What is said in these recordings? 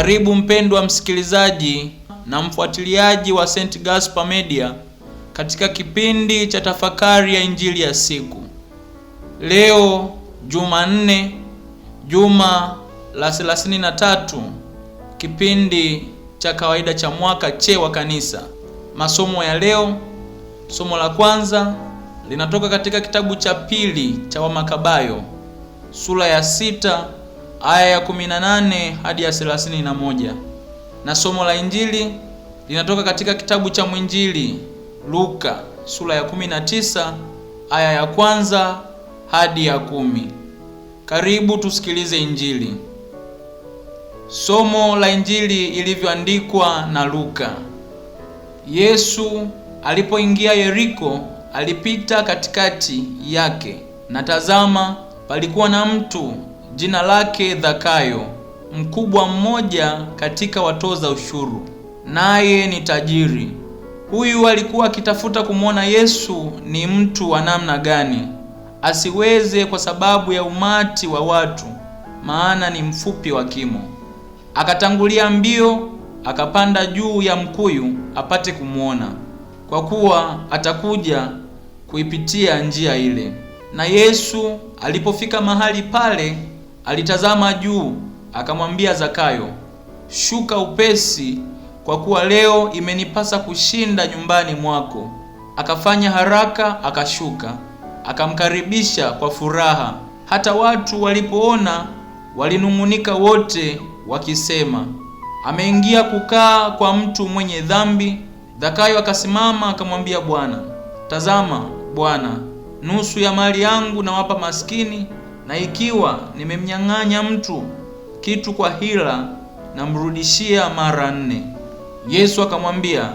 Karibu mpendwa msikilizaji na mfuatiliaji wa St. Gaspar Media katika kipindi cha tafakari ya Injili ya siku. Leo Jumanne, juma la 33 kipindi cha kawaida cha mwaka che wa kanisa. Masomo ya leo, somo la kwanza linatoka katika kitabu cha pili cha Wamakabayo sura ya sita aya ya 18 hadi ya 31, na somo la injili linatoka katika kitabu cha mwinjili Luka sura ya 19 aya ya kwanza hadi ya kumi. Karibu tusikilize injili. Somo la injili ilivyoandikwa na Luka. Yesu alipoingia Yeriko, alipita katikati yake, na tazama, palikuwa na mtu jina lake Zakayo, mkubwa mmoja katika watoza ushuru, naye ni tajiri. Huyu alikuwa akitafuta kumwona Yesu ni mtu wa namna gani, asiweze kwa sababu ya umati wa watu, maana ni mfupi wa kimo. Akatangulia mbio akapanda juu ya mkuyu apate kumwona, kwa kuwa atakuja kuipitia njia ile. Na Yesu alipofika mahali pale Alitazama juu akamwambia Zakayo, shuka upesi, kwa kuwa leo imenipasa kushinda nyumbani mwako. Akafanya haraka akashuka, akamkaribisha kwa furaha. Hata watu walipoona walinung'unika wote wakisema, ameingia kukaa kwa mtu mwenye dhambi. Zakayo akasimama akamwambia Bwana, tazama Bwana, nusu ya mali yangu nawapa maskini na ikiwa nimemnyang'anya mtu kitu kwa hila, namrudishia mara nne. Yesu akamwambia,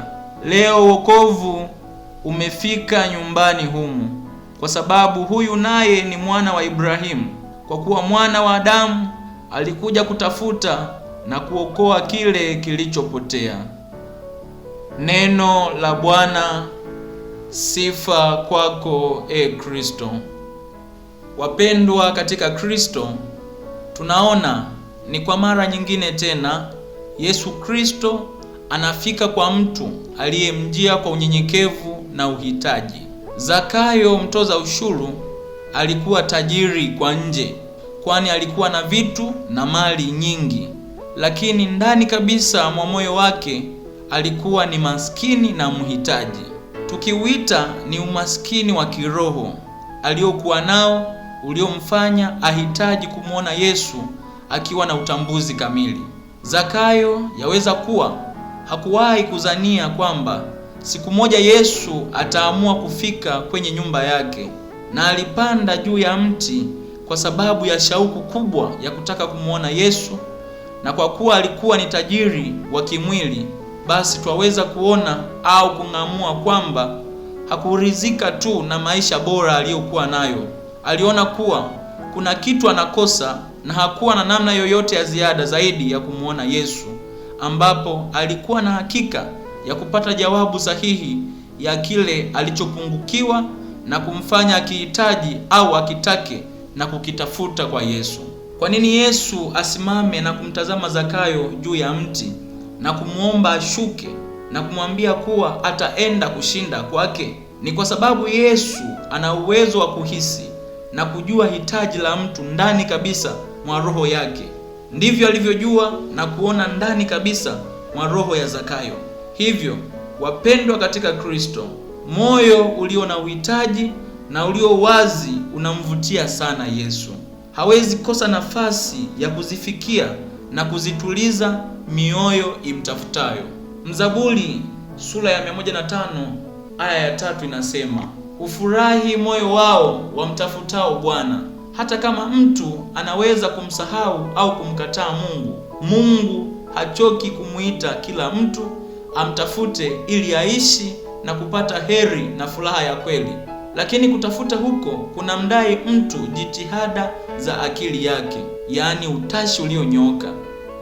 leo wokovu umefika nyumbani humu, kwa sababu huyu naye ni mwana wa Ibrahimu, kwa kuwa mwana wa Adamu alikuja kutafuta na kuokoa kile kilichopotea. Neno la Bwana. Sifa kwako, e Kristo. Wapendwa katika Kristo, tunaona ni kwa mara nyingine tena Yesu Kristo anafika kwa mtu aliyemjia kwa unyenyekevu na uhitaji. Zakayo mtoza ushuru alikuwa tajiri kwa nje, kwani alikuwa na vitu na mali nyingi, lakini ndani kabisa mwa moyo wake alikuwa ni maskini na mhitaji. Tukiuita ni umaskini wa kiroho aliokuwa nao uliomfanya ahitaji kumwona Yesu akiwa na utambuzi kamili. Zakayo yaweza kuwa hakuwahi kuzania kwamba siku moja Yesu ataamua kufika kwenye nyumba yake, na alipanda juu ya mti kwa sababu ya shauku kubwa ya kutaka kumwona Yesu, na kwa kuwa alikuwa ni tajiri wa kimwili, basi twaweza kuona au kung'amua kwamba hakuridhika tu na maisha bora aliyokuwa nayo aliona kuwa kuna kitu anakosa na hakuwa na namna yoyote ya ziada zaidi ya kumwona Yesu, ambapo alikuwa na hakika ya kupata jawabu sahihi ya kile alichopungukiwa na kumfanya akihitaji au akitake na kukitafuta kwa Yesu. Kwa nini Yesu asimame na kumtazama Zakayo juu ya mti na kumwomba ashuke na kumwambia kuwa ataenda kushinda kwake? Ni kwa sababu Yesu ana uwezo wa kuhisi na kujua hitaji la mtu ndani kabisa mwa roho yake, ndivyo alivyojua na kuona ndani kabisa mwa roho ya Zakayo. Hivyo wapendwa katika Kristo, moyo ulio na uhitaji na ulio wazi unamvutia sana Yesu. Hawezi kosa nafasi ya kuzifikia na kuzituliza mioyo imtafutayo. Mzaburi sura ya 105 aya ya tatu inasema hufurahi moyo wao wamtafutao Bwana. Hata kama mtu anaweza kumsahau au kumkataa Mungu, Mungu hachoki kumwita kila mtu amtafute ili aishi na kupata heri na furaha ya kweli. Lakini kutafuta huko kuna mdai mtu jitihada za akili yake, yaani utashi ulionyooka,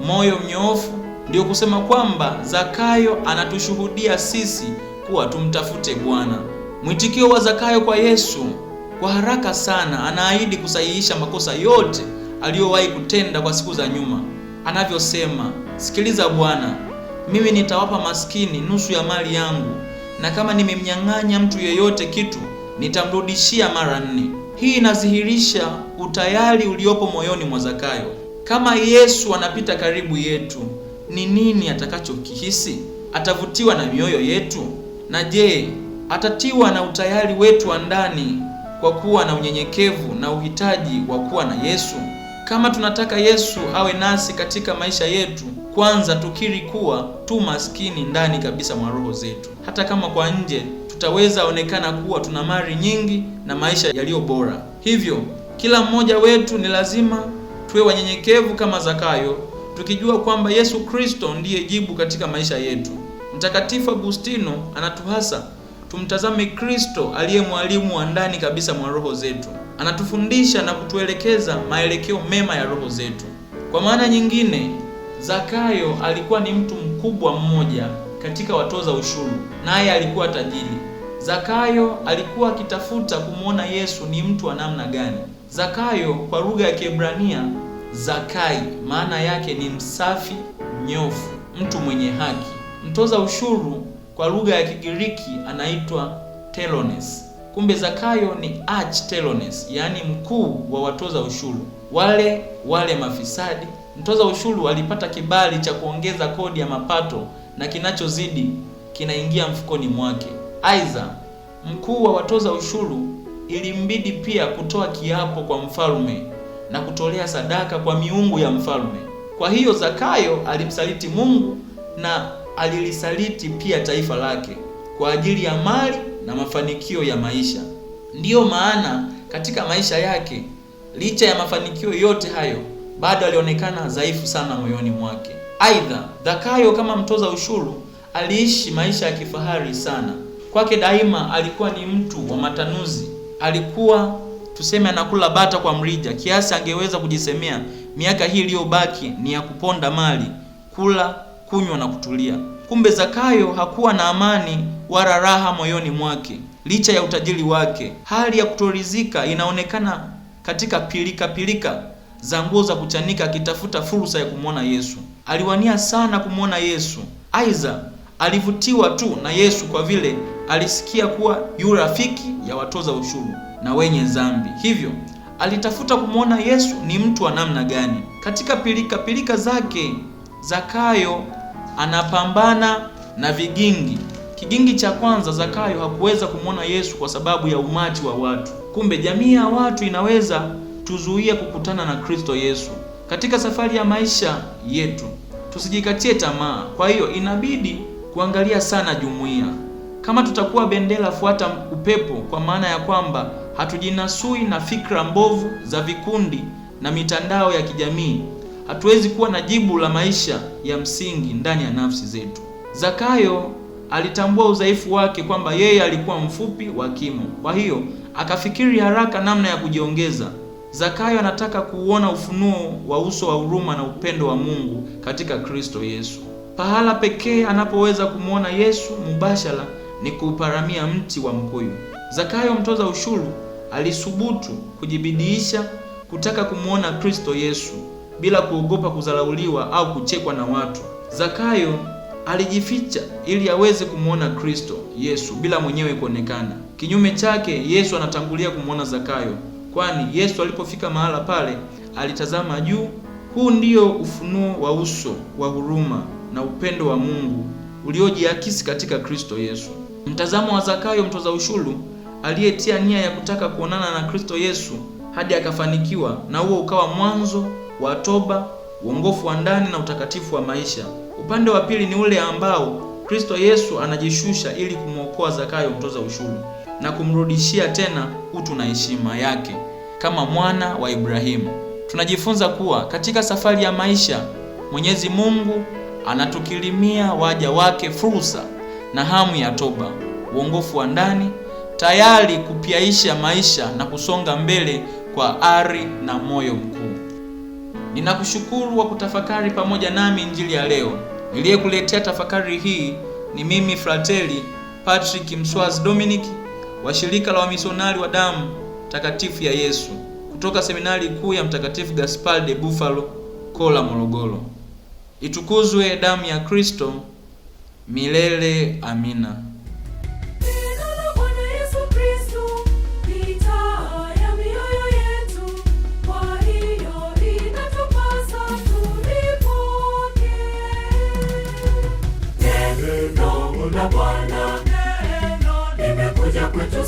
moyo mnyoofu. Ndiyo kusema kwamba Zakayo anatushuhudia sisi kuwa tumtafute Bwana. Mwitikio wa Zakayo kwa Yesu kwa haraka sana, anaahidi kusahihisha makosa yote aliyowahi kutenda kwa siku za nyuma, anavyosema: sikiliza Bwana, mimi nitawapa maskini nusu ya mali yangu, na kama nimemnyang'anya mtu yeyote kitu nitamrudishia mara nne. Hii inadhihirisha utayari uliopo moyoni mwa Zakayo. Kama Yesu anapita karibu yetu, ni nini atakachokihisi? Atavutiwa na mioyo yetu? Na je, atatiwa na utayari wetu wa ndani kwa kuwa na unyenyekevu na uhitaji wa kuwa na Yesu. Kama tunataka Yesu awe nasi katika maisha yetu, kwanza tukiri kuwa tu maskini ndani kabisa mwa roho zetu. Hata kama kwa nje tutaweza onekana kuwa tuna mali nyingi na maisha yaliyo bora. Hivyo kila mmoja wetu ni lazima tuwe wanyenyekevu kama Zakayo, tukijua kwamba Yesu Kristo ndiye jibu katika maisha yetu. Mtakatifu Agustino anatuhasa tumtazame Kristo aliye mwalimu wa ndani kabisa mwa roho zetu, anatufundisha na kutuelekeza maelekeo mema ya roho zetu. Kwa maana nyingine, Zakayo alikuwa ni mtu mkubwa mmoja katika watoza ushuru, naye alikuwa tajiri. Zakayo alikuwa akitafuta kumwona Yesu ni mtu wa namna gani. Zakayo kwa lugha ya Kiebrania Zakai, maana yake ni msafi, mnyofu, mtu mwenye haki. Mtoza ushuru kwa lugha ya Kigiriki anaitwa telones. Kumbe Zakayo ni arch telones, yaani mkuu wa watoza ushuru. Wale wale mafisadi, mtoza ushuru alipata kibali cha kuongeza kodi ya mapato na kinachozidi kinaingia mfukoni mwake. Aidha, mkuu wa watoza ushuru ilimbidi pia kutoa kiapo kwa mfalme na kutolea sadaka kwa miungu ya mfalme. Kwa hiyo Zakayo alimsaliti Mungu na alilisaliti pia taifa lake kwa ajili ya mali na mafanikio ya maisha. Ndiyo maana katika maisha yake, licha ya mafanikio yote hayo, bado alionekana dhaifu sana moyoni mwake. Aidha, Zakayo kama mtoza ushuru aliishi maisha ya kifahari sana. Kwake daima alikuwa ni mtu wa matanuzi, alikuwa tuseme anakula bata kwa mrija, kiasi angeweza kujisemea miaka hii iliyobaki ni ya kuponda mali, kula kunywa na kutulia. Kumbe Zakayo hakuwa na amani wala raha moyoni mwake licha ya utajiri wake. Hali ya kutoridhika inaonekana katika pilika pilika za nguo za kuchanika, akitafuta fursa ya kumwona Yesu. Aliwania sana kumwona Yesu. Aidha, alivutiwa tu na Yesu kwa vile alisikia kuwa yu rafiki ya watoza ushuru na wenye dhambi, hivyo alitafuta kumwona Yesu ni mtu wa namna gani. Katika pilika pilika zake Zakayo anapambana na vigingi. Kigingi cha kwanza, Zakayo hakuweza kumwona Yesu kwa sababu ya umati wa watu. Kumbe jamii ya watu inaweza tuzuia kukutana na Kristo Yesu katika safari ya maisha yetu. Tusijikatie tamaa. Kwa hiyo inabidi kuangalia sana jumuiya. Kama tutakuwa bendera fuata upepo, kwa maana ya kwamba hatujinasui na fikra mbovu za vikundi na mitandao ya kijamii hatuwezi kuwa na jibu la maisha ya msingi ndani ya nafsi zetu. Zakayo alitambua udhaifu wake kwamba yeye alikuwa mfupi wa kimo, kwa hiyo akafikiri haraka namna ya kujiongeza. Zakayo anataka kuuona ufunuo wa uso wa huruma na upendo wa Mungu katika Kristo Yesu. Pahala pekee anapoweza kumwona Yesu mubashara ni kuuparamia mti wa mkuyu. Zakayo mtoza ushuru alisubutu kujibidiisha kutaka kumwona Kristo Yesu bila kuogopa kudharauliwa au kuchekwa na watu. Zakayo alijificha ili aweze kumwona Kristo Yesu bila mwenyewe kuonekana. Kinyume chake, Yesu anatangulia kumwona Zakayo, kwani Yesu alipofika mahala pale alitazama juu. Huu ndio ufunuo wa uso wa huruma na upendo wa Mungu uliojiakisi katika Kristo Yesu. Mtazamo wa Zakayo mtoza ushuru aliyetia nia ya kutaka kuonana na Kristo Yesu hadi akafanikiwa, na huo ukawa mwanzo wa toba, uongofu wa ndani na utakatifu wa maisha. Upande wa pili ni ule ambao Kristo Yesu anajishusha ili kumwokoa Zakayo mtoza ushuru na kumrudishia tena utu na heshima yake kama mwana wa Ibrahimu. Tunajifunza kuwa katika safari ya maisha Mwenyezi Mungu anatukirimia waja wake fursa na hamu ya toba, uongofu wa ndani, tayari kupyaisha maisha na kusonga mbele kwa ari na moyo mkuu. Ninakushukuru kwa kutafakari pamoja nami injili ya leo. Niliyekuletea tafakari hii ni mimi Frateli Patrick Mswazi Dominic wa shirika la wamisionari wa damu takatifu ya Yesu kutoka seminari kuu ya Mtakatifu Gaspar de Buffalo, Kola, Morogoro. Itukuzwe damu ya Kristo! Milele amina!